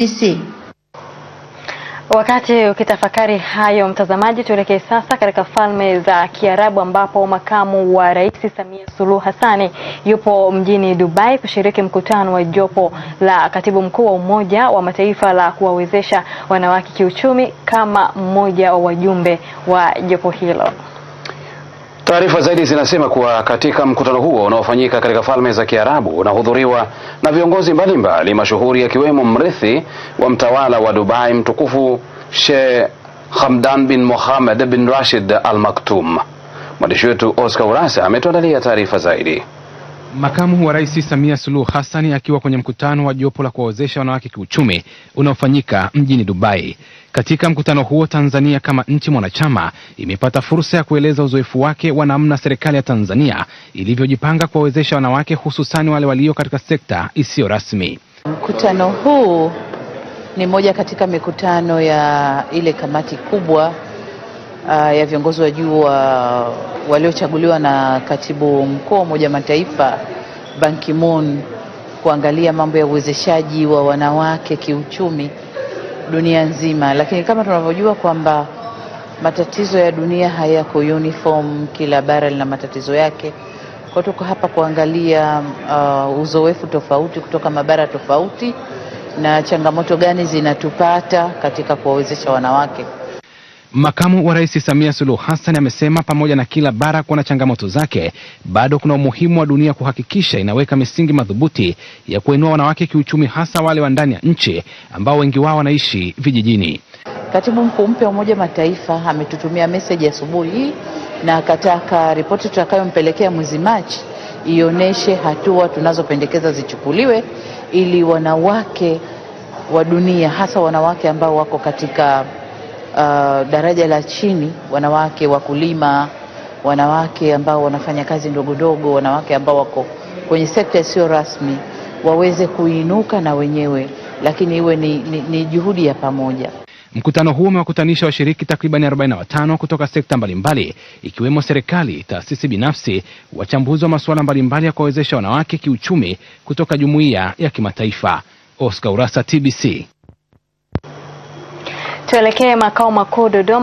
DC. E Wakati ukitafakari hayo mtazamaji, tuelekee sasa katika Falme za Kiarabu ambapo makamu wa rais Samia Suluhu Hassani yupo mjini Dubai kushiriki mkutano wa jopo la katibu mkuu wa Umoja wa Mataifa la kuwawezesha wanawake kiuchumi kama mmoja wa wajumbe wa jopo hilo. Taarifa zaidi zinasema kuwa katika mkutano huo unaofanyika katika Falme za Kiarabu unahudhuriwa na viongozi mbalimbali mashuhuri akiwemo mrithi wa mtawala wa Dubai mtukufu Sheikh Hamdan bin Mohammed bin Rashid Al Maktoum. Mwandishi wetu Oscar Urasa ametuandalia taarifa zaidi. Makamu wa Rais Samia Suluhu Hassan akiwa kwenye mkutano wa jopo la kuwawezesha wanawake kiuchumi unaofanyika mjini Dubai. Katika mkutano huo, Tanzania kama nchi mwanachama imepata fursa ya kueleza uzoefu wake wa namna serikali ya Tanzania ilivyojipanga kuwawezesha wanawake, hususani wale walio katika sekta isiyo rasmi. Mkutano huu ni moja katika mikutano ya ile kamati kubwa uh, ya viongozi wa juu wa waliochaguliwa na katibu mkuu wa Umoja Mataifa Ban Ki-moon kuangalia mambo ya uwezeshaji wa wanawake kiuchumi dunia nzima, lakini kama tunavyojua kwamba matatizo ya dunia hayako uniform, kila bara lina matatizo yake. Kwa tuko hapa kuangalia uh, uzoefu tofauti kutoka mabara tofauti na changamoto gani zinatupata katika kuwawezesha wanawake Makamu wa Rais Samia Suluhu Hassan amesema pamoja na kila bara kuwa na changamoto zake, bado kuna umuhimu wa dunia kuhakikisha inaweka misingi madhubuti ya kuinua wanawake kiuchumi, hasa wale wa ndani ya nchi ambao wengi wao wanaishi vijijini. Katibu mkuu mpya wa Umoja Mataifa ametutumia meseji asubuhi hii na akataka ripoti tutakayompelekea mwezi Machi ionyeshe hatua tunazopendekeza zichukuliwe ili wanawake wa dunia hasa wanawake ambao wako katika uh, daraja la chini, wanawake wakulima, wanawake ambao wanafanya kazi ndogo ndogo, wanawake ambao wako kwenye sekta isiyo rasmi waweze kuinuka na wenyewe, lakini iwe ni, ni, ni juhudi ya pamoja. Mkutano huo umewakutanisha washiriki takribani 45 kutoka sekta mbalimbali ikiwemo serikali, taasisi binafsi, wachambuzi wa masuala mbalimbali ya kuwawezesha wanawake kiuchumi kutoka jumuiya ya kimataifa. Oscar Urasa, TBC tuelekee makao makuu dodoma